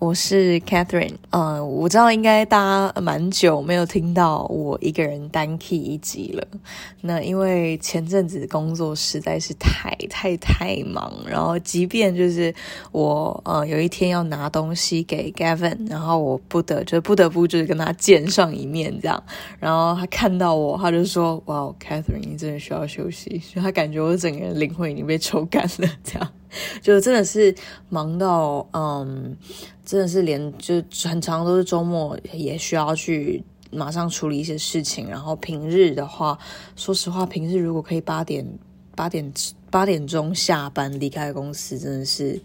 我是 Katherine，呃、嗯，我知道應該大家蠻久沒有聽到我一個人單 Key 一集了。那因為前陣子工作實在是太太太忙，然後即便就是我呃、嗯、有一天要拿東西給 Gavin，然後我不得就不得不就是跟他見上一面這樣，然後他看到我，他就說：“哇、wow，Katherine，你真的需要休息，他感覺我整個人靈魂已經被抽乾了。”這樣就真的是忙到嗯。真的是連就很常都是周末，也需要去馬上處理一些事情。然後平日的話，說實話，平日如果可以八點八點八點鐘下班離開公司，真的是。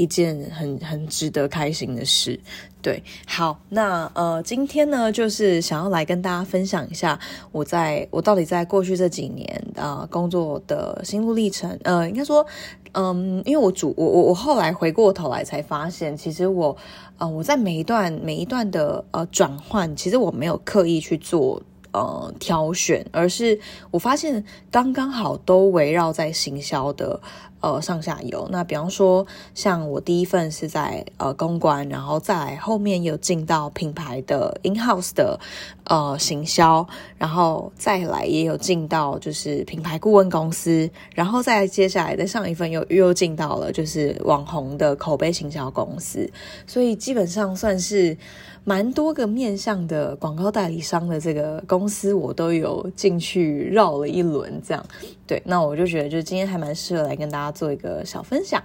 一件很很值得開心的事，對，好，那呃，今天呢，就是想要來跟大家分享一下我在我到底在過去這幾年啊、呃、工作的心路歷程，呃，應該說，嗯、呃，因為我主我我我後來回過頭來才發現，其實我呃我在每一段每一段的呃轉換，其實我沒有刻意去做呃挑選，而是我發現剛剛好都圍繞在行銷的。呃，上下游。那比方說，像我第一份是在呃公關，然後再來後面又進到品牌的 in house 的呃行銷，然後再來也有進到就是品牌顧問公司，然後再接下來的上一份又又進到了就是網紅的口碑行銷公司，所以基本上算是蠻多個面向的廣告代理商的這個公司，我都有進去繞了一輪，這樣。對，那我就覺得，就今天還蠻適合來跟大家做一個小分享，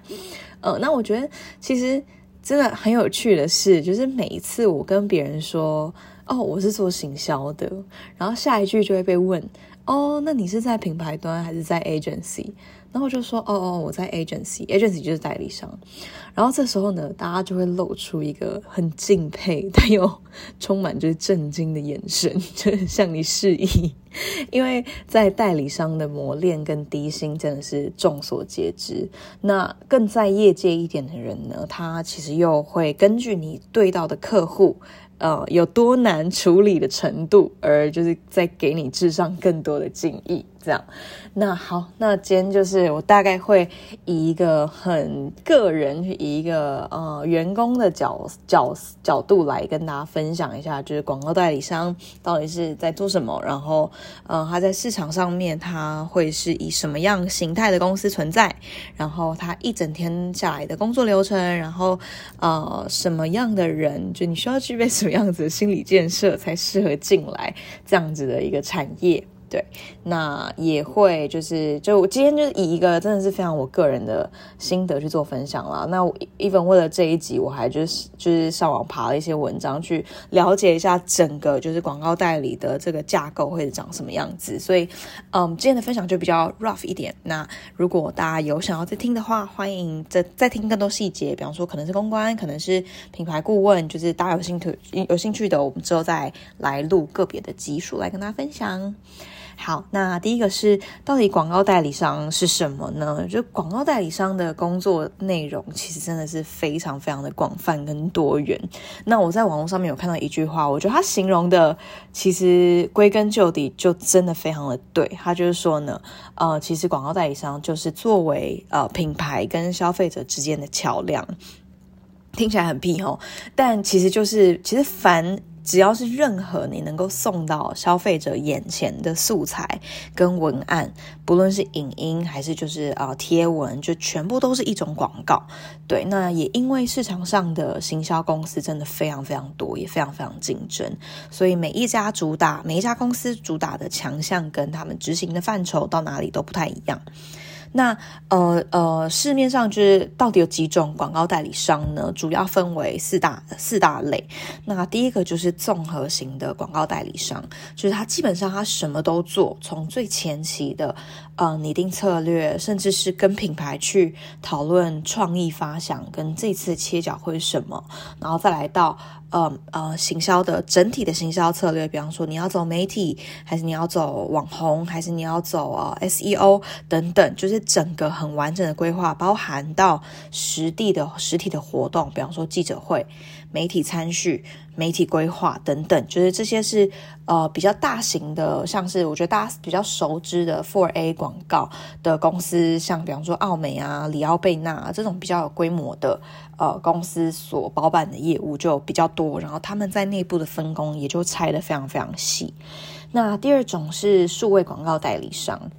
呃，那我覺得其實真的很有趣的是，就是每一次我跟別人說“哦，我是做行銷的”，然後下一句就會被問。哦，oh, 那你是在品牌端還是在 agency？然後就說哦哦，oh, oh, 我在 agency，agency ag 就是代理商。然後這時候呢，大家就會露出一個很敬佩但又充滿就是震驚的眼神，就向你示意，因為在代理商的磨練跟低薪真的是眾所皆知。那更在業界一點的人呢，他其實又會根據你對到的客戶。呃、哦，有多難處理的程度，而就是在給你致上更多的敬意。這樣，那好，那今天就是我大概會以一個很個人，以一個呃，呃員工的角角角度，來跟大家分享一下，就是廣告代理商到底是在做什麼，然後呃他在市場上面他會是以什麼樣形態的公司存在，然後他一整天下來的工作流程，然後呃什麼樣的人就你需要具備什麼樣子的心理建設才適合進來這樣子的一個產業，對。那也會就是就我今天就是以一個真的是非常我個人的心得去做分享啦。那 even 為了這一集，我還就是就是上網爬了一些文章去了解一下整個就是廣告代理的這個架構會長什麼樣子。所以，嗯，今天的分享就比較 rough 一點。那如果大家有想要再聽的話，歡迎再再聽更多細節。比方說，可能是公關，可能是品牌顧問，就是大家有興趣有興趣的，我們之後再來錄個別的集數來跟大家分享。好，那第一個是到底廣告代理商是什麼呢？就廣告代理商的工作內容，其實真的是非常非常的廣泛跟多元。那我在網絡上面有看到一句話，我覺得他形容的其實歸根究底就真的非常的對。他就是說呢，呃，其實廣告代理商就是作為呃品牌跟消費者之間的橋樑，聽起來很屁齁，但其實就是其實凡。只要是任何你能夠送到消費者眼前的素材跟文案，不論是影音還是就是啊、呃、貼文，就全部都是一種廣告。對，那也因為市場上的行銷公司真的非常非常多，也非常非常競爭，所以每一家主打，每一家公司主打的強項跟他們執行的範疇到哪裡都不太一樣。那呃呃，市面上就是到底有幾種廣告代理商呢？主要分為四大四大類。那第一個就是綜合型的廣告代理商，就是他基本上他什麼都做，從最前期的呃擬定策略，甚至是跟品牌去討論創意發想，跟這次切角會是什麼，然後再來到。呃呃、嗯嗯，行銷的整體的行銷策略，比方說你要走媒體，還是你要走網紅，還是你要走啊、哦、SEO 等等，就是整個很完整的規劃，包含到實地的實體的活動，比方說記者會。媒體參序、媒體規劃等等，就是這些是呃比較大型的，像是我覺得大家比較熟知的 4A 廣告的公司，像比方說奧美啊、里奧貝納啊，這種比較有規模的呃公司所包辦的業務就比較多，然後他們在內部的分工也就拆得非常非常細。那第二種是數位廣告代理商。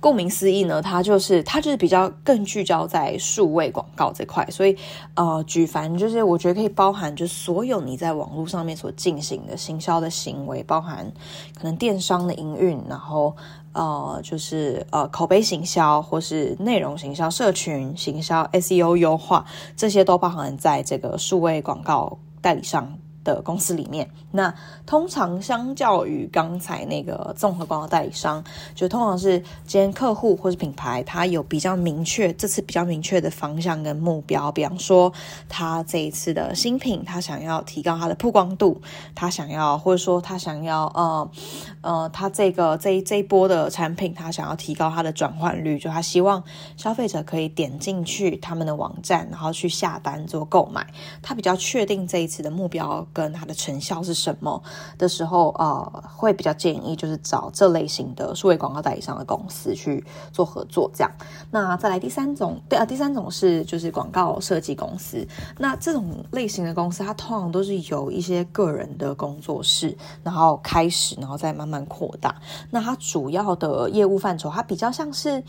顧名思義呢，它就是它就是比較更聚焦在數位廣告這塊，所以呃，舉凡就是我覺得可以包含，就是所有你在網絡上面所進行的行銷的行為，包含可能電商的營運，然後呃，就是呃口碑行銷或是內容行銷、社群行銷、SEO 優化，這些都包含在這個數位廣告代理商的公司裡面，那通常相較於剛才那個綜合廣告代理商，就通常是今天客戶或是品牌，他有比較明確這次比較明確的方向跟目標。比方說，他這一次的新品，他想要提高他的曝光度，他想要或者說他想要呃呃，他、呃、這個這一這一波的產品，他想要提高他的轉換率，就他希望消費者可以點進去他們的網站，然後去下單做購買。他比較確定這一次的目標。跟它的成效是什麼的時候，呃，會比較建議就是找這類型的數位廣告代理商的公司去做合作，這樣。那再來第三種，對啊、呃，第三種是就是廣告設計公司。那這種類型的公司，它通常都是由一些個人的工作室，然後開始，然後再慢慢擴大。那它主要的業務範疇，它比較像是，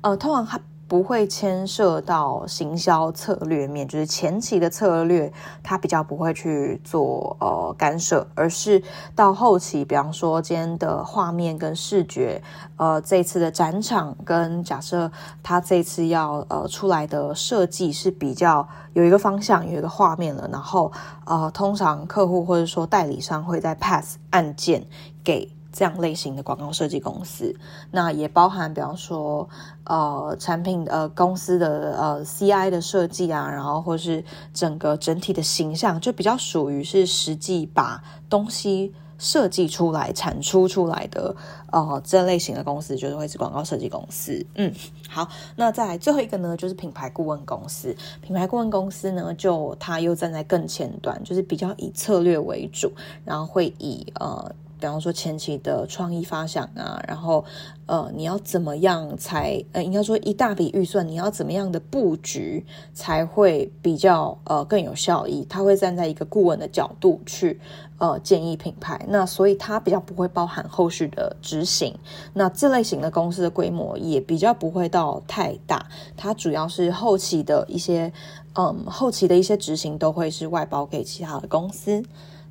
呃，通常它。不會牽涉到行銷策略面，就是前期的策略，他比較不會去做呃干涉，而是到後期，比方說今天的畫面跟視覺，呃，這次的展場跟假設他這次要呃出來的設計是比較有一個方向、有一個畫面了，然後呃，通常客戶或者說代理商會在 pass 案件給這樣類型的廣告設計公司，那也包含，比方說，呃，產品呃，公司的，呃，CI 的設計啊，然後或是整個整體的形象，就比較屬於是實際把東西設計出來、產出出來的，呃，這類型的公司就是會是廣告設計公司。嗯，好，那再來最後一個呢，就是品牌顧問公司。品牌顧問公司呢，就它又站在更前端，就是比較以策略為主，然後會以呃。比方說前期的創意發想啊，然後呃，你要怎麼樣才呃，應該說一大筆預算，你要怎麼樣的布局才會比較呃更有效益？他會站在一個顧問的角度去呃建議品牌，那所以它比較不會包含後續的執行。那這類型的公司的規模也比較不會到太大，它主要是後期的一些嗯後期的一些執行都會是外包給其他的公司，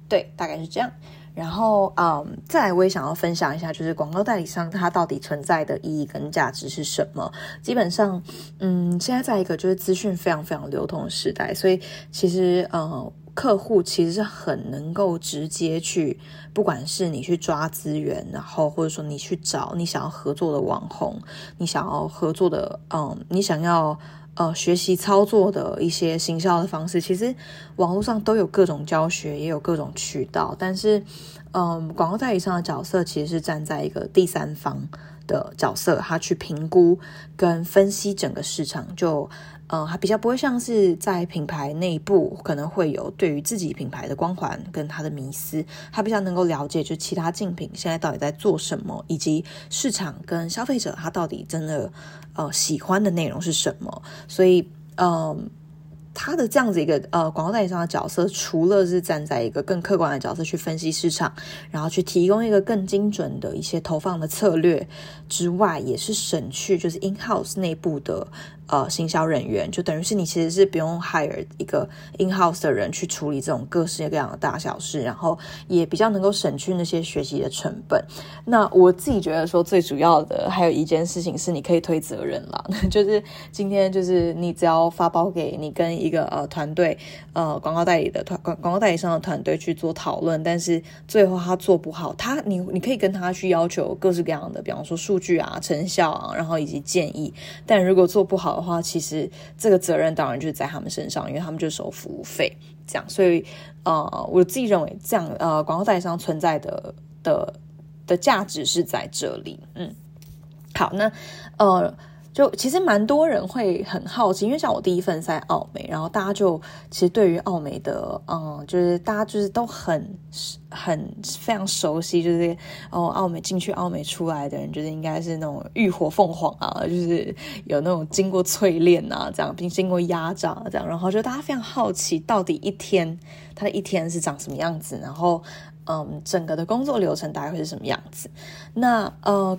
對，大概是這樣。然後，嗯，再來，我也想要分享一下，就是廣告代理商它到底存在的意義跟價值是什麼？基本上，嗯，現在在一個就是資訊非常非常流通的時代，所以其實，呃、嗯，客戶其實是很能夠直接去，不管是你去抓資源，然後或者說你去找你想要合作的網紅，你想要合作的，嗯，你想要。呃，學習操作的一些行銷的方式，其實網絡上都有各種教學，也有各種渠道。但是，嗯、呃，廣告代理商的角色其實是站在一個第三方的角色，他去評估跟分析整個市場，就。呃，他比較不會像是在品牌內部，可能會有對於自己品牌的光環跟他的迷思，他比較能夠了解就是其他競品現在到底在做什麼，以及市場跟消費者他到底真的呃喜歡的內容是什麼。所以，嗯、呃，他的這樣子一個呃廣告代理商的角色，除了是站在一個更客觀的角色去分析市場，然後去提供一個更精準的一些投放的策略之外，也是省去就是 in house 內部的。呃，行銷人員就等於是你其實是不用 hire 一個 in house 的人去處理這種各式各樣的大小事，然後也比較能夠省去那些學習的成本。那我自己覺得說最主要的還有一件事情是你可以推責任啦，就是今天就是你只要發包給你跟一個呃團隊呃廣告代理的團廣廣告代理商的團隊去做討論，但是最後他做不好，他你你可以跟他去要求各式各樣的，比方說數據啊、成效啊，然後以及建議，但如果做不好。的話，其實這個責任當然就是在他們身上，因為他們就收服務費這樣，所以呃，我自己認為這樣呃，廣告代理商存在的的的價值是在這裡，嗯，好，那呃。就其實蠻多人會很好奇，因為像我第一份是在奧美，然後大家就其實對於奧美的嗯，就是大家就是都很很非常熟悉，就是哦奧美進去奧美出來的人，就是應該是那種浴火鳳凰啊，就是有那種經過淬煉啊，這樣，並經過壓榨、啊、這樣，然後就大家非常好奇，到底一天他的一天是長什麼樣子，然後嗯，整個的工作流程大概會是什麼樣子？那呃。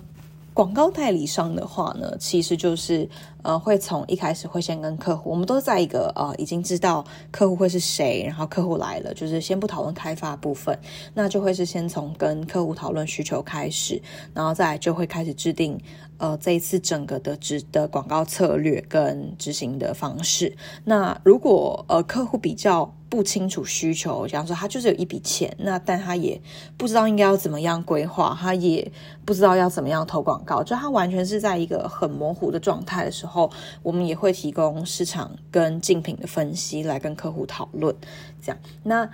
廣告代理商的話呢，其實就是呃，會從一開始會先跟客戶，我們都在一個呃，已經知道客戶會是誰，然後客戶來了，就是先不討論開發的部分，那就會是先從跟客戶討論需求開始，然後再來就會開始制定。呃，這一次整個的執的廣告策略跟執行的方式，那如果呃客戶比較不清楚需求，假如說他就是有一筆錢，那但他也不知道應該要怎麼樣規劃，他也不知道要怎麼樣投廣告，就他完全是在一個很模糊的狀態的時候，我們也會提供市場跟競品的分析來跟客戶討論，這樣那。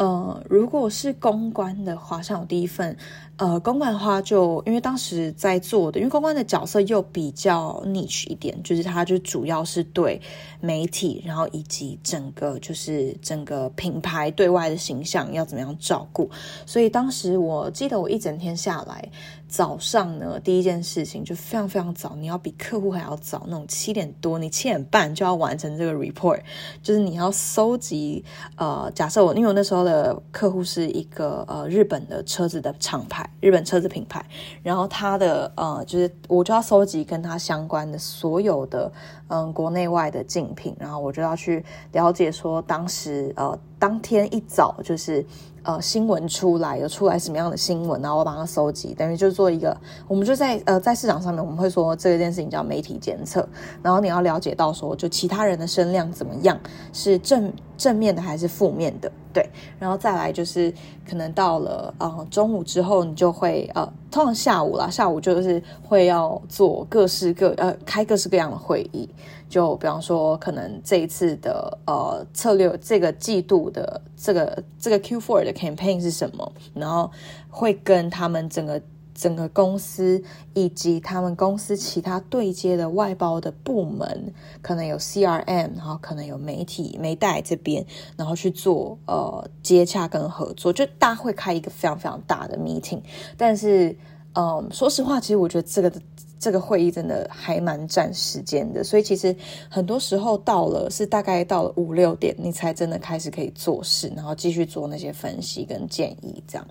呃，如果是公關的話，像我第一份，呃，公關的話就，就因為當時在做的，因為公關的角色又比較 niche 一點，就是它就主要是對媒體，然後以及整個就是整個品牌對外的形象要怎麼樣照顧，所以當時我記得我一整天下來。早上呢，第一件事情就非常非常早，你要比客戶還要早，那種七點多，你七點半就要完成這個 report，就是你要收集呃，假設我因為我那時候的客戶是一個呃日本的車子的廠牌，日本車子品牌，然後他的呃就是我就要收集跟他相關的所有的嗯國內外的競品，然後我就要去了解說當時呃當天一早就是。呃，新聞出來有出來什麼樣的新聞，然後我把它搜集，等於就做一個，我們就在呃在市場上面，我們會說這一件事情叫媒體監測，然後你要了解到說，就其他人的聲量怎麼樣，是正。正面的還是負面的？對，然後再來就是可能到了呃中午之後，你就會呃通常下午啦，下午就是會要做各式各呃開各式各樣的會議，就比方說可能這一次的呃策略，這個季度的這個這個 Q4 的 campaign 是什麼，然後會跟他們整個。整個公司以及他們公司其他對接的外包的部門，可能有 CRM，然後可能有媒體、媒代這邊，然後去做呃接洽跟合作，就大家會開一個非常非常大的 meeting。但是，嗯、呃，說實話，其實我覺得這個這個會議真的還蠻占時間的。所以，其實很多時候到了是大概到了五六點，你才真的開始可以做事，然後繼續做那些分析跟建議這樣。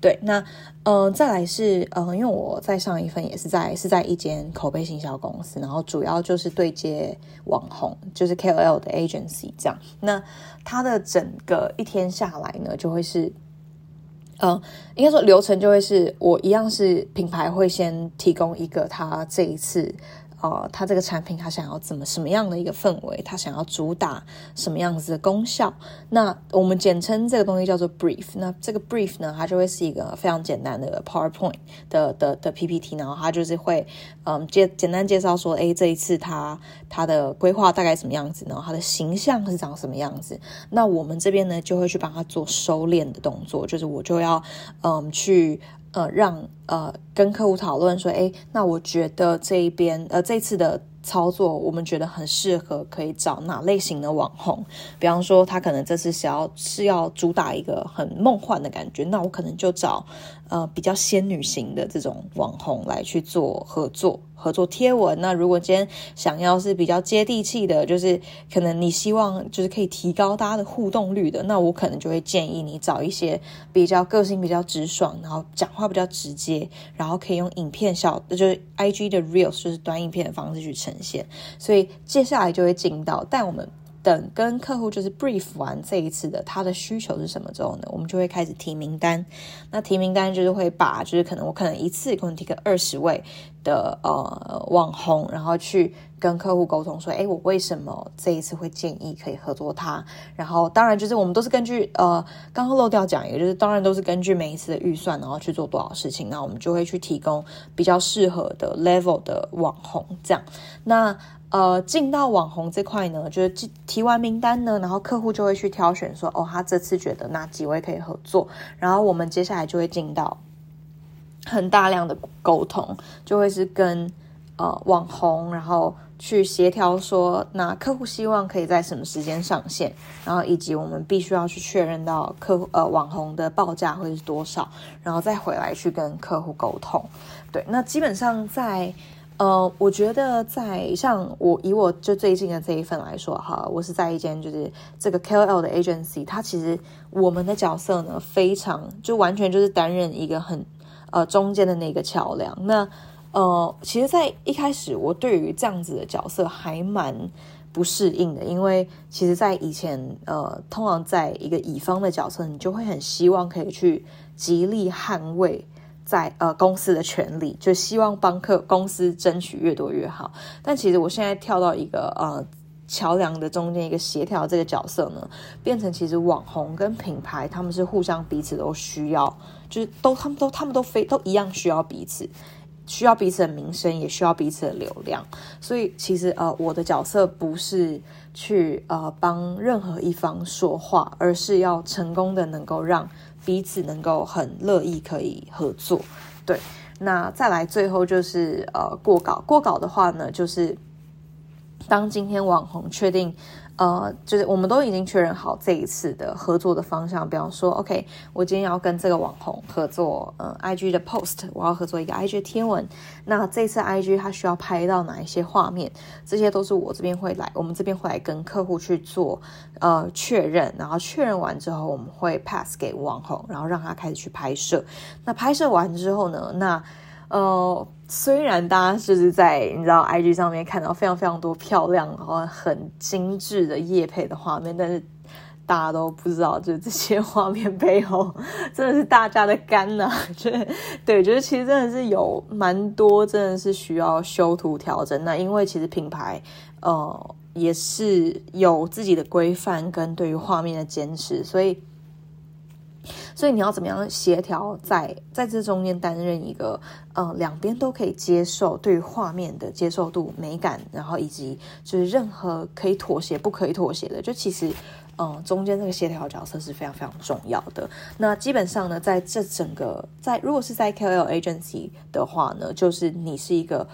對，那嗯，再來是嗯，因為我在上一份也是在是在一間口碑行銷公司，然後主要就是對接網紅，就是 KOL 的 agency 這樣。那它的整個一天下來呢，就會是嗯，應該說流程就會是我一樣是品牌會先提供一個他這一次。呃，他這個產品他想要怎麼什麼樣的一個氛圍？他想要主打什麼樣子的功效？那我們簡稱這個東西叫做 brief。那這個 brief 呢，它就會是一個非常簡單的 PowerPoint 的的的，的 PPT，然後它就是會嗯簡簡單介紹說，哎，這一次他它，它的規劃大概什麼樣子？然後他的形象是長什麼樣子？那我們這邊呢，就會去幫他做收斂的動作，就是我就要嗯去。嗯、呃，讓呃跟客戶討論說，哎，那我覺得這一邊呃這次的操作我們覺得很適合，可以找哪類型的網紅？比方說，他可能這次想要是要主打一個很夢幻的感覺，那我可能就找呃比較仙女型的這種網紅來去做合作、合作貼文。那如果今天想要是比較接地氣的，就是可能你希望就是可以提高大家的互動率的，那我可能就會建議你找一些比較個性、比較直爽，然後講話比較直接，然後可以用影片小，就是 I G 的 Reels，就是短影片的方式去呈現。線，所以接下來就會進到。但我們等跟客戶就是 brief 完這一次的他的需求是什麼之後呢，我們就會開始提名單。那提名單就是會把，就是可能我可能一次可能提個二十位。的呃網紅，然後去跟客戶溝通說，哎，我為什麼這一次會建議可以合作他？然後當然就是我們都是根據呃剛剛漏掉講一個，就是當然都是根據每一次的預算，然後去做多少事情，那我們就會去提供比較適合的 level 的網紅這樣。那呃進到網紅這塊呢，就是提完名單呢，然後客戶就會去挑選說，哦，他這次覺得哪幾位可以合作，然後我們接下來就會進到。很大量的溝通就會是跟呃網紅，然後去協調說，那客戶希望可以在什麼時間上線，然後以及我們必須要去確認到客戶呃網紅的報價會是多少，然後再回來去跟客戶溝通。對，那基本上在呃，我覺得在像我以我就最近的這一份來說哈，我是在一間就是這個 KOL 的 agency，它其實我們的角色呢非常就完全就是擔任一個很。呃，中間的那個橋梁。那呃，其實，在一開始，我對於這樣子的角色還蠻不適應的，因為其實，在以前，呃，通常在一個乙方的角色，你就會很希望可以去極力捍衛在呃公司的權利，就希望幫客公司爭取越多越好。但其實，我現在跳到一個呃。橋樑的中間一個協調這個角色呢，變成其實網紅跟品牌他們是互相彼此都需要，就是都他們都他們都非都一樣需要彼此，需要彼此的名聲，也需要彼此的流量。所以其實呃我的角色不是去呃幫任何一方說話，而是要成功的能夠讓彼此能夠很樂意可以合作。對，那再來最後就是呃過稿過稿的話呢，就是。當今天網紅確定，呃，就是我們都已經確認好這一次的合作的方向，比方說，OK，我今天要跟這個網紅合作，呃，IG 的 post，我要合作一個 IG 的貼文。那這次 IG 他需要拍到哪一些畫面？這些都是我這邊會來，我們這邊會來跟客戶去做呃確認，然後確認完之後，我們會 pass 給網紅，然後讓他開始去拍攝。那拍攝完之後呢？那呃，雖然大家就是在你知道 IG 上面看到非常非常多漂亮和很精緻的業配的畫面，但是大家都不知道，就這些畫面背後真的是大家的肝呐，覺得對，就是其實真的是有蠻多，真的是需要修圖調整。那因為其實品牌呃也是有自己的規範跟對於畫面的堅持，所以。所以你要怎麼樣協調在，在在這中間擔任一個，嗯、呃，兩邊都可以接受對於畫面的接受度、美感，然後以及就是任何可以妥協、不可以妥協的，就其實，嗯、呃，中間這個協調角色是非常非常重要的。那基本上呢，在這整個在如果是在 KOL agency 的話呢，就是你是一個，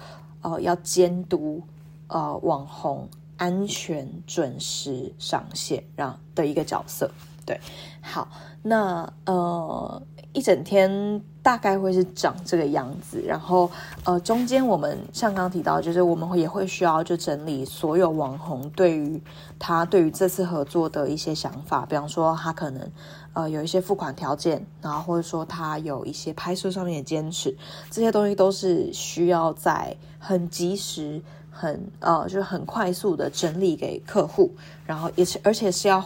呃，要監督呃網紅安全、準時上線讓的一個角色，對，好。那呃，一整天大概會是長這個樣子。然後呃，中間我們像剛提到，就是我們也會需要就整理所有網紅對於他對於這次合作的一些想法，比方說他可能呃有一些付款條件，然後或者說他有一些拍攝上面的堅持，這些東西都是需要在很及時、很呃就是很快速的整理給客戶，然後也而且是要。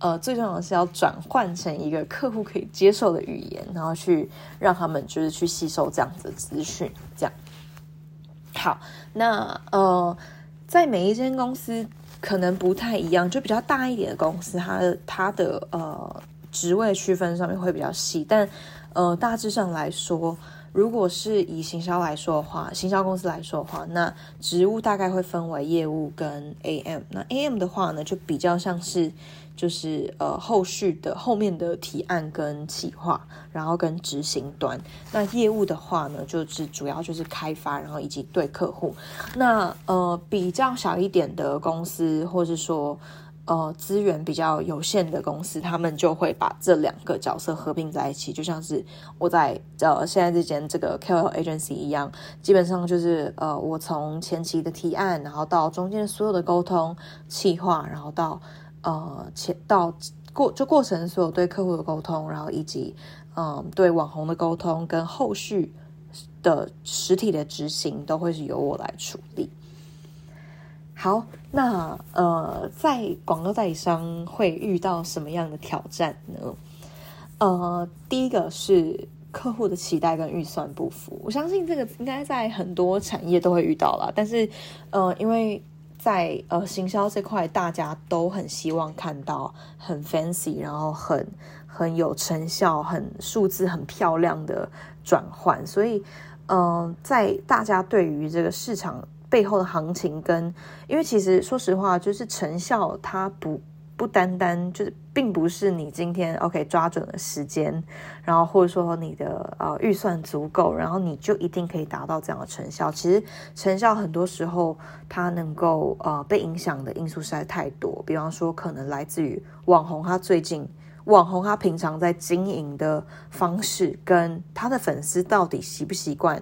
呃，最重要的是要轉換成一個客戶可以接受的語言，然後去讓他們就是去吸收這樣子的資訊。這樣好，那呃，在每一間公司可能不太一樣，就比較大一點的公司，它的它的呃職位區分上面會比較細，但呃大致上來說，如果是以行銷來說的話，行銷公司來說的話，那職務大概會分為業務跟 AM。那 AM 的話呢，就比較像是。就是呃，後續的後面的提案跟企劃，然後跟執行端。那業務的話呢，就是主要就是開發，然後以及對客戶。那呃，比較小一點的公司，或是說呃資源比較有限的公司，他們就會把這兩個角色合併在一起，就像是我在呃現在這間這個 KOL agency 一樣，基本上就是呃，我從前期的提案，然後到中間所有的溝通、企劃，然後到。呃，且、嗯、到過就過程所有對客戶的溝通，然後以及嗯對網紅的溝通跟後續的實體的執行，都會是由我來處理。好，那呃，在廣告代理商會遇到什麼樣的挑戰呢？呃，第一個是客戶的期待跟預算不符，我相信這個應該在很多產業都會遇到了，但是，呃，因為在呃行銷這塊，大家都很希望看到很 fancy，然後很很有成效，很數字很漂亮的轉換，所以，嗯、呃，在大家對於這個市場背後的行情跟，因為其實說實話，就是成效它不。不單單就是，並不是你今天 OK 抓準了時間，然後或者說你的呃預算足夠，然後你就一定可以達到這樣的成效。其實成效很多時候它能夠呃被影響的因素實在太多，比方說可能來自於網紅他最近網紅他平常在經營的方式，跟他的粉絲到底習不習慣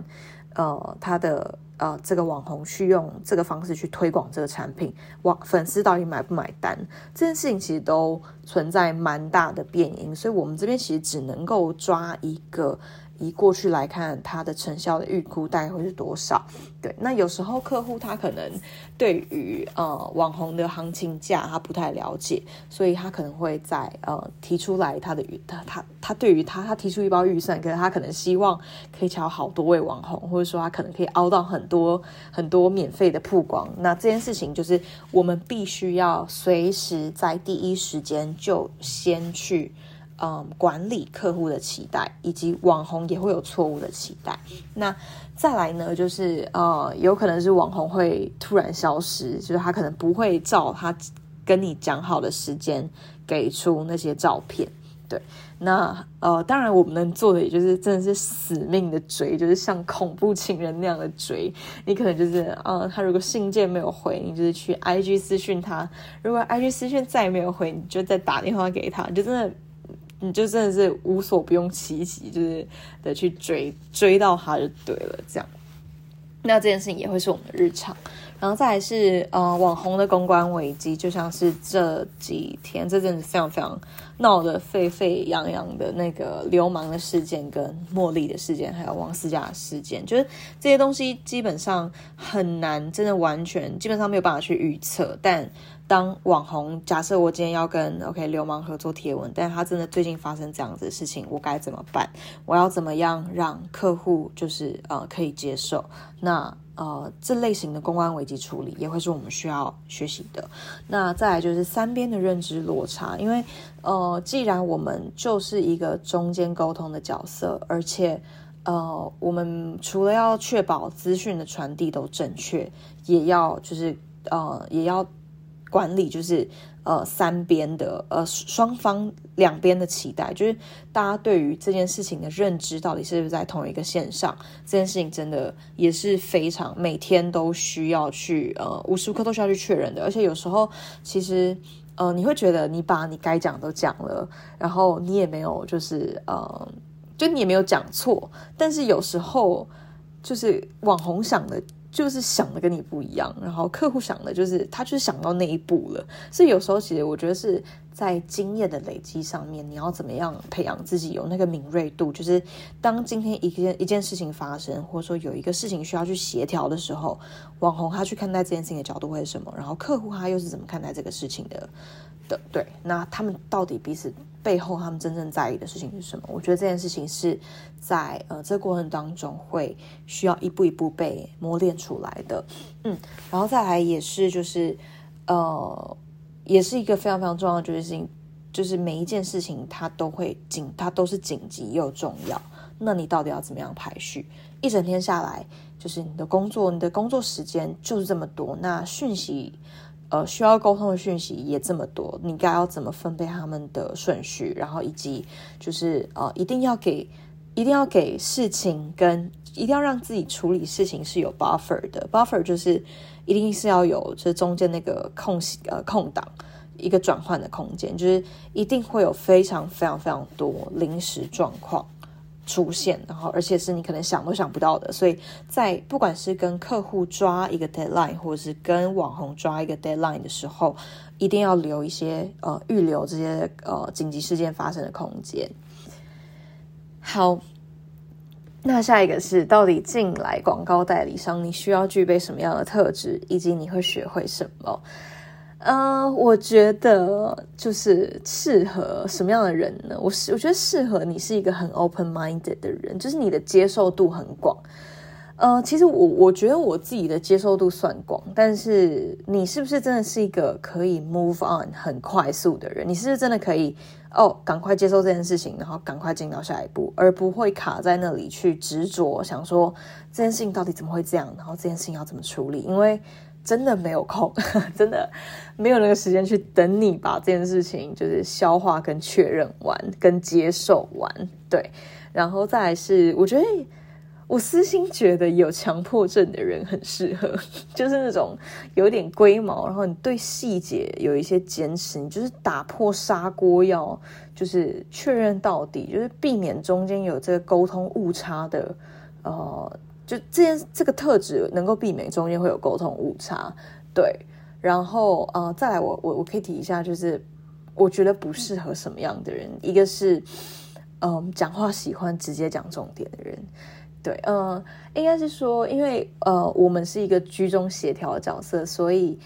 呃他的。呃，這個網紅去用這個方式去推廣這個產品，網粉絲到底買不買單，這件事情其實都存在蠻大的變因，所以我們這邊其實只能夠抓一個。以過去來看，他的成效的預估大概會是多少？對，那有時候客戶他可能對於呃網紅的行情價他不太了解，所以他可能會再呃提出來他的預他他他對於他他提出一包預算，可是他可能希望可以敲好多位網紅，或者說他可能可以凹到很多很多免費的曝光。那這件事情就是我們必須要隨時在第一時間就先去。嗯，管理客戶的期待，以及網紅也會有錯誤的期待。那再來呢，就是呃，有可能是網紅會突然消失，就是他可能不會照他跟你講好的時間給出那些照片。對，那呃，當然我們能做的也就是真的是死命的追，就是像恐怖情人那樣的追。你可能就是嗯、呃，他如果信件沒有回，你就是去 IG 私訊他；如果 IG 私訊再也沒有回，你就再打電話給他，就真的。你就真的是無所不用其極，就是得去追追到他就對了，這樣。那這件事情也會是我們的日常，然後再來是呃網紅的公關危機，就像是這幾天這陣子非常非常鬧得沸沸揚揚的那個流氓的事件，跟茉莉的事件，還有王思佳的事件，就是這些東西基本上很難真的完全基本上沒有辦法去預測，但。當網紅，假設我今天要跟 KOL 流氓合作貼文，但他真的最近發生這樣子的事情，我該怎麼辦？我要怎麼樣讓客戶就是呃可以接受？那呃這類型的公關危機處理也會是我們需要學習的。那再來就是三邊的認知落差，因為呃既然我們就是一個中間溝通的角色，而且呃我們除了要確保資訊的傳遞都正確，也要就是呃也要。管理就是呃三邊的呃雙方兩邊的期待，就是大家對於這件事情的認知到底是不是在同一個線上？這件事情真的也是非常每天都需要去呃無時無刻都需要去確認的，而且有時候其實呃你會覺得你把你該講都講了，然後你也沒有就是呃就你也沒有講錯，但是有時候就是網紅想的。就是想的跟你不一樣，然後客戶想的，就是他就是想到那一步了。所以有時候，其實我覺得是在經驗的累積上面，你要怎麼樣培養自己有那個敏銳度，就是當今天一件一件事情發生，或者說有一個事情需要去協調的時候，網紅他去看待這件事情的角度會是什麼，然後客戶他又是怎麼看待這個事情的的的，對，那他們到底彼此。背後他們真正在意的事情是什麼？我覺得這件事情是在呃這個過程當中會需要一步一步被磨練出來的。嗯，然後再來也是就是呃，也是一個非常非常重要的就是事情，就是每一件事情它都會緊，它都是緊急又重要。那你到底要怎麼樣排序？一整天下來，就是你的工作，你的工作時間就是這麼多，那訊息。呃，需要溝通的訊息也這麼多，你該要怎麼分配他們的順序？然後以及就是呃，一定要給，一定要給事情跟，一定要讓自己處理事情是有 buffer 的。buffer 就是一定是要有，這中間那個空隙呃空檔，一個轉換的空間，就是一定會有非常非常非常多臨時狀況出現，然後而且是你可能想都想不到的，所以在不管是跟客戶抓一個 deadline，或者是跟網紅抓一個 deadline 的時候，一定要留一些、呃、預留這些呃緊急事件發生的空間。好，那下一個是，到底進來廣告代理商，你需要具備什麼樣的特質，以及你會學會什麼？呃，uh, 我覺得就是適合什麼樣的人呢？我是我覺得適合你是一個很 open minded 的人，就是你的接受度很廣。呃、uh，其實我我覺得我自己的接受度算廣，但是你是不是真的是一個可以 move on 很快速的人？你是不是真的可以哦，oh, 趕快接受這件事情，然後趕快進到下一步，而不會卡在那裡去執着想說這件事情到底怎麼會這樣，然後這件事情要怎麼處理？因為。真的沒有空呵呵，真的沒有那個時間去等你把這件事情就是消化跟確認完，跟接受完。對，然後再來是我覺得我私心覺得有強迫症的人很適合，就是那種有點龜毛，然後你對細節有一些堅持，你就是打破砂鍋要就是確認到底，就是避免中間有這個溝通誤差的，呃。就這件這個特質能夠避免中間會有溝通誤差，對。然後，呃，再來我我我可以提一下，就是我覺得不適合什麼樣的人，嗯、一個是，嗯、呃，講話喜歡直接講重點的人，對，嗯、呃，應該是說，因為呃，我們是一個居中協調的角色，所以。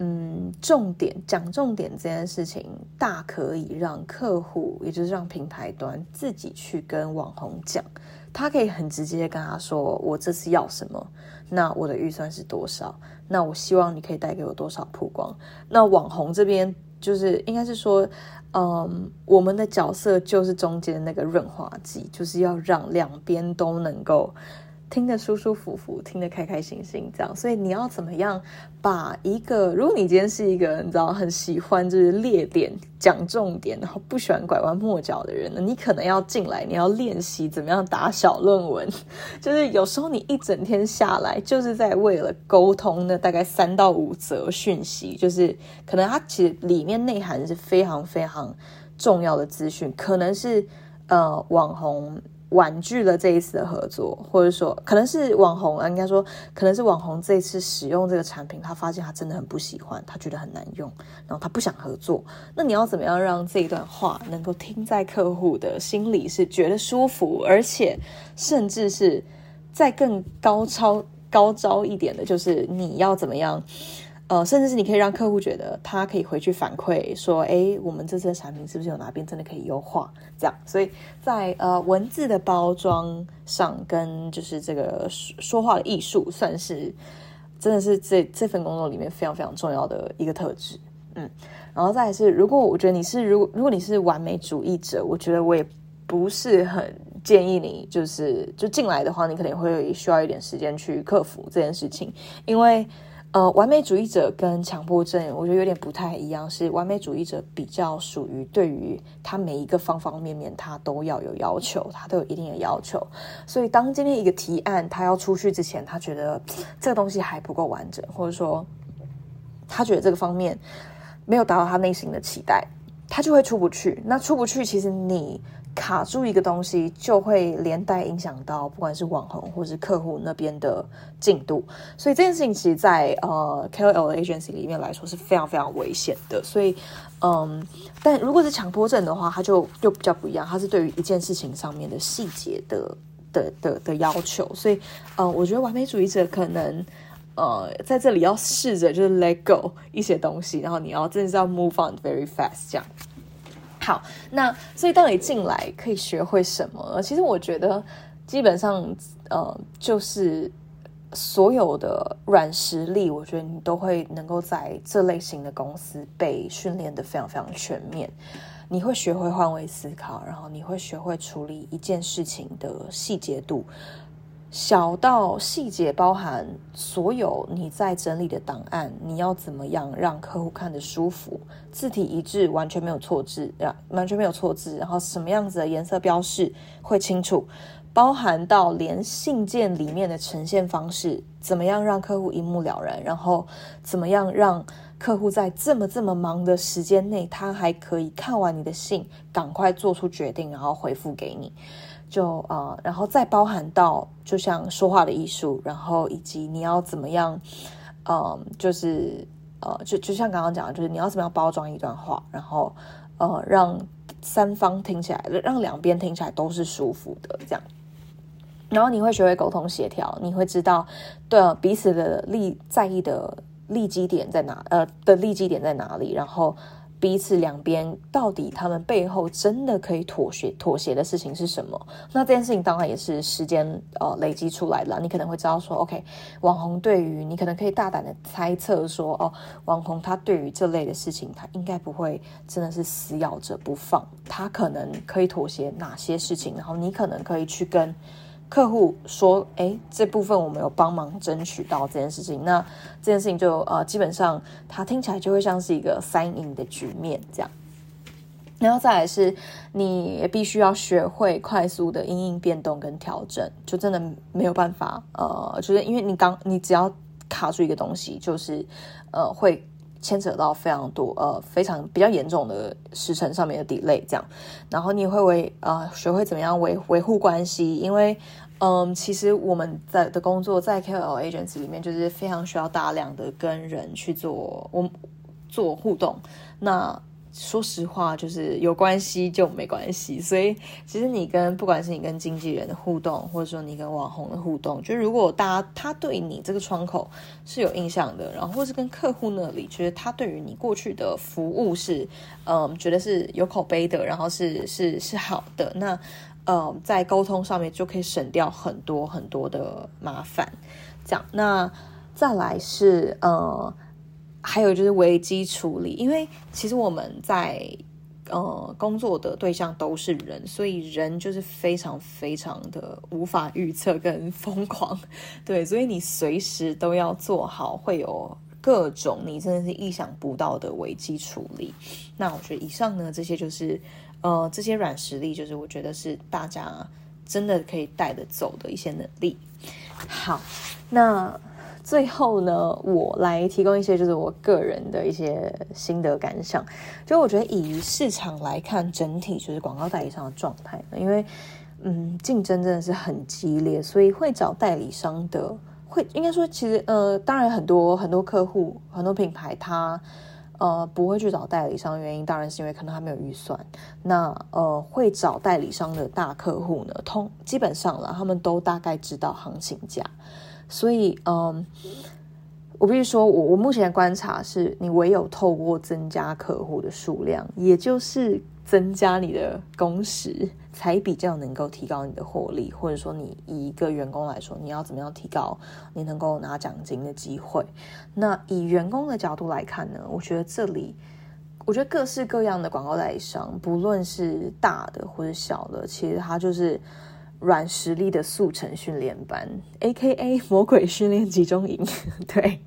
嗯，重點講重點這件事情，大可以讓客戶，也就是讓平台端自己去跟網紅講。他可以很直接跟他說：“我這次要什麼？那我的預算是多少？那我希望你可以帶給我多少曝光？”那網紅這邊就是應該是說，嗯，我們的角色就是中間那個潤滑劑，就是要讓兩邊都能夠。聽得舒舒服服，聽得開開心心，這樣。所以你要怎麼樣把一個，如果你今天是一個你知道很喜歡就是列點講重點，然後不喜歡拐彎抹角的人呢？你可能要進來，你要練習怎麼樣打小論文。就是有時候你一整天下來就是在為了溝通的大概三到五則訊息，就是可能它其實裡面內涵是非常非常重要的資訊，可能是呃網紅。婉拒了這一次的合作，或者說可能是網紅啊，應該說可能是網紅這一次使用這個產品，他發現他真的很不喜歡，他覺得很難用，然後他不想合作。那你要怎麼樣讓這一段話能夠聽在客戶的心裡是覺得舒服，而且甚至是再更高超高招一點的，就是你要怎麼樣？呃，甚至是你可以讓客戶覺得他可以回去反饋說，哎，我們這次的產品是不是有哪邊真的可以優化？這樣，所以在呃文字的包裝上跟就是這個說話的藝術，算是真的是這這份工作裡面非常非常重要的一個特質。嗯，然後再是，如果我覺得你是，如果如果你是完美主義者，我覺得我也不是很建議你，就是就進來的話，你可能會需要一點時間去克服這件事情，因為。呃，完美主義者跟強迫症，我覺得有點不太一樣。是完美主義者比較屬於對於他每一個方方面面，他都要有要求，他都有一定的要求。所以，當今天一個提案他要出去之前，他覺得這個東西還不夠完整，或者說他覺得這個方面沒有達到他內心的期待，他就會出不去。那出不去，其實你。卡住一個東西，就會連帶影響到不管是網紅或是客戶那邊的進度，所以這件事情其實在呃 KOL agency 裡面來說是非常非常危險的。所以，嗯，但如果是強迫症的話，他就就比較不一樣，他是對於一件事情上面的細節的的的的的要求。所以，嗯，呃，我覺得完美主義者可能呃在這裡要試着就是 let go 一些東西，然後你要真的是要 move on very fast 這樣。好，那所以到底進來可以學會什麼？其實我覺得基本上，呃，就是所有的軟實力，我覺得你都會能夠在這類型的公司被訓練得非常非常全面。你會學會換位思考，然後你會學會處理一件事情的細節度。小到細節，包含所有你在整理的檔案，你要怎麼樣讓客戶看得舒服？字體一致，完全沒有錯字，完全沒有錯字。然後什麼樣子的顏色標示會清楚？包含到連信件裡面的呈現方式，怎麼樣讓客戶一目了然？然後怎麼樣讓客戶在這麼這麼忙的時間內，他還可以看完你的信，趕快做出決定，然後回復給你。就啊、呃，然後再包含到，就像說話的藝術，然後以及你要怎麼樣，嗯、呃，就是呃，就就像剛剛講的，就是你要怎麼樣包裝一段話，然後呃，讓三方聽起來，讓兩邊聽起來都是舒服的這樣。然後你會學會溝通協調，你會知道，對啊，彼此的利在意的利基點在哪，呃，的利基點在哪裡，然後。彼此兩邊到底他們背後真的可以妥協妥協的事情是什麼？那這件事情當然也是時間呃、累積出來了。你可能會知道說，OK，網紅對於你可能可以大膽地猜測說，哦，網紅他對於這類的事情，他應該不會真的是死咬着不放，他可能可以妥協哪些事情，然後你可能可以去跟，客戶說：“誒，這部分我們有幫忙爭取到這件事情，那這件事情就呃，基本上它聽起來就會像是一個三贏的局面這樣。然後再來是，你也必須要學會快速的因應變動跟調整，就真的沒有辦法呃，就是因為你剛你只要卡住一個東西，就是呃會。”牽扯到非常多，呃，非常比較嚴重的時程上面的 delay 這樣，然後你會維，呃，學會怎麼樣維維護關係，因為，嗯，其實我們在的工作在 KOL agency 裡面就是非常需要大量的跟人去做，我做互動，那。說實話，就是有關係就沒關係。所以，其實你跟不管是你跟經紀人的互動，或者說你跟網紅的互動，就如果大家他對你這個窗口是有印象的，然後或是跟客戶那裡覺得他對於你過去的服務是，嗯、呃，覺得是有口碑的，然後是是是好的，那嗯、呃，在溝通上面就可以省掉很多很多的麻煩，這樣。那再來是，嗯、呃。還有就是危機處理，因為其實我們在呃工作的對象都是人，所以人就是非常非常的無法預測跟瘋狂，對，所以你隨時都要做好會有各種你真的是意想不到的危機處理。那我覺得以上呢，這些就是呃這些軟實力，就是我覺得是大家真的可以帶得走的一些能力。好，那。最後呢，我來提供一些就是我個人的一些心得感想。就我覺得，以市場來看，整體就是廣告代理商的狀態呢，因為嗯，競爭真的是很激烈，所以會找代理商的，會應該說其實呃，當然很多很多客戶很多品牌他呃不會去找代理商的原因當然是因為可能他沒有預算。那呃會找代理商的大客戶呢，通基本上啦，他們都大概知道行情價。所以，嗯，我必須說我，我目前觀察是，你唯有透過增加客戶的數量，也就是增加你的工時，才比較能夠提高你的獲利，或者說，你以一個員工來說，你要怎麼樣提高你能夠拿獎金的機會？那以員工的角度來看呢，我覺得這裡，我覺得各式各樣的廣告代理商，不論是大的或者小的，其實他就是。軟實力的速成訓練班，A.K.A. 魔鬼訓練集中營。對，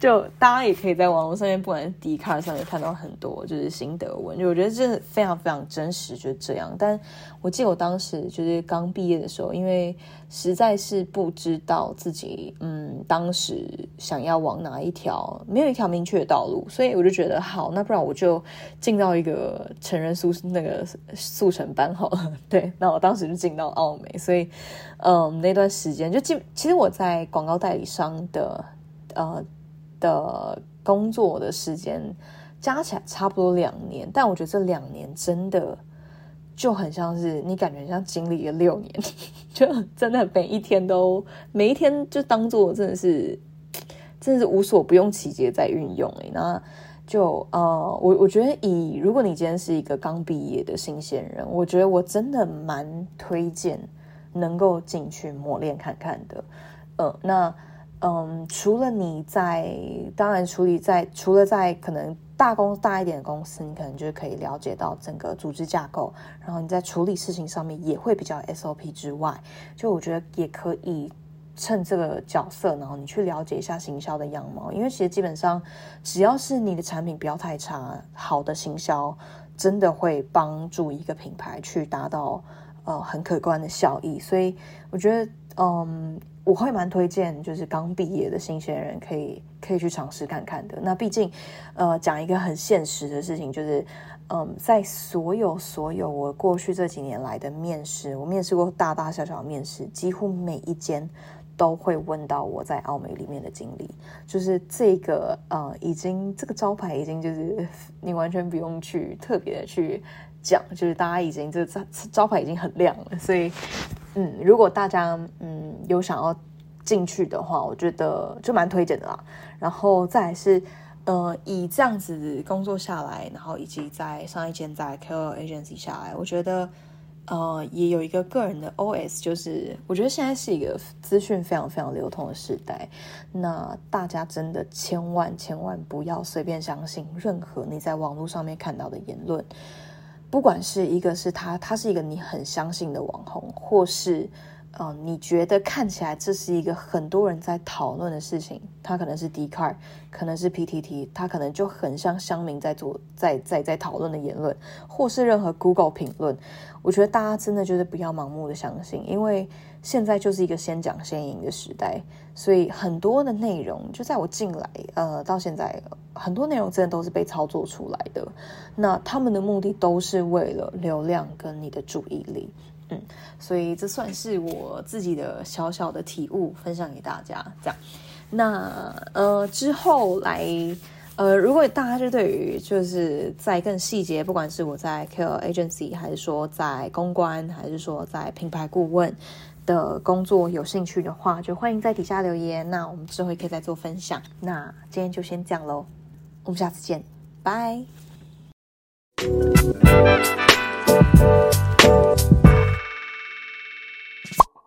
就大家也可以在網絡上面，不管是 Dcard 上面看到很多，就是心得文，就我覺得真的非常非常真實，就這樣。但我記得我當時就是剛畢業的時候，因為實在是不知道自己，嗯，當時想要往哪一條，沒有一條明確的道路，所以我就覺得好，那不然我就進到一個成人速那個速成班好了。對，那我當時就進到奧美。所以，嗯，那段時間就基其實我在廣告代理商的呃的工作的時間加起來差不多兩年，但我覺得這兩年真的就很像是你感覺像經歷了六年， 就真的每一天都每一天就當做真的是，真的是無所不用其極在運用那。就呃、嗯，我我覺得以如果你今天是一個剛畢業的新鮮人，我覺得我真的蠻推薦能夠進去磨練看看的。呃、嗯，那嗯，除了你在，當然處理在，除了在可能大公大一點的公司，你可能就是可以了解到整個組織架構，然後你在處理事情上面也會比較 SOP 之外，就我覺得也可以。趁這個角色，然後你去了解一下行銷的樣貌，因為其實基本上，只要是你的產品不要太差，好的行銷真的會幫助一個品牌去達到呃很可觀的效益。所以我覺得，嗯，我會蠻推薦，就是剛畢業的新鮮人可以可以去嘗試看看的。那畢竟，呃，講一個很現實的事情，就是嗯，在所有所有我過去這幾年來的面試，我面試過大大小小的面試，幾乎每一間。都會問到我在奧美裡面的經歷，就是這個、呃、已經這個招牌已經就是你完全不用去特別的去講，就是大家已經這招牌已經很亮了，所以嗯，如果大家嗯有想要進去的話，我覺得就蠻推薦的啦。然後再來是呃，以這樣子工作下來，然後以及在上一間在 KOL agency 下來，我覺得。呃，也有一個個人的 OS，就是我覺得現在是一個資訊非常非常流通的時代，那大家真的千萬千萬不要隨便相信任何你在網絡上面看到的言論，不管是一個是他，他是一個你很相信的網紅，或是。嗯、哦，你覺得看起來，這是一個很多人在討論的事情？它可能是 Dcard，可能是 PTT，它可能就很像鄉民在做在在在，在討論的言論，或是任何 Google 評論。我覺得大家真的就是不要盲目的相信，因為現在就是一個先講先贏的時代，所以很多的內容就在我進來呃到現在，很多內容真的都是被操作出來的。那他們的目的都是為了流量跟你的注意力。嗯，所以這算是我自己的小小的體悟，分享給大家。這樣，那呃之後來呃，如果大家就對於就是在更細節，不管是我在 KOL Agency，還是說在公關，還是說在品牌顧問的工作有興趣的話，就歡迎在底下留言。那我們之後也可以再做分享。那今天就先講嘍，我們下次見，拜。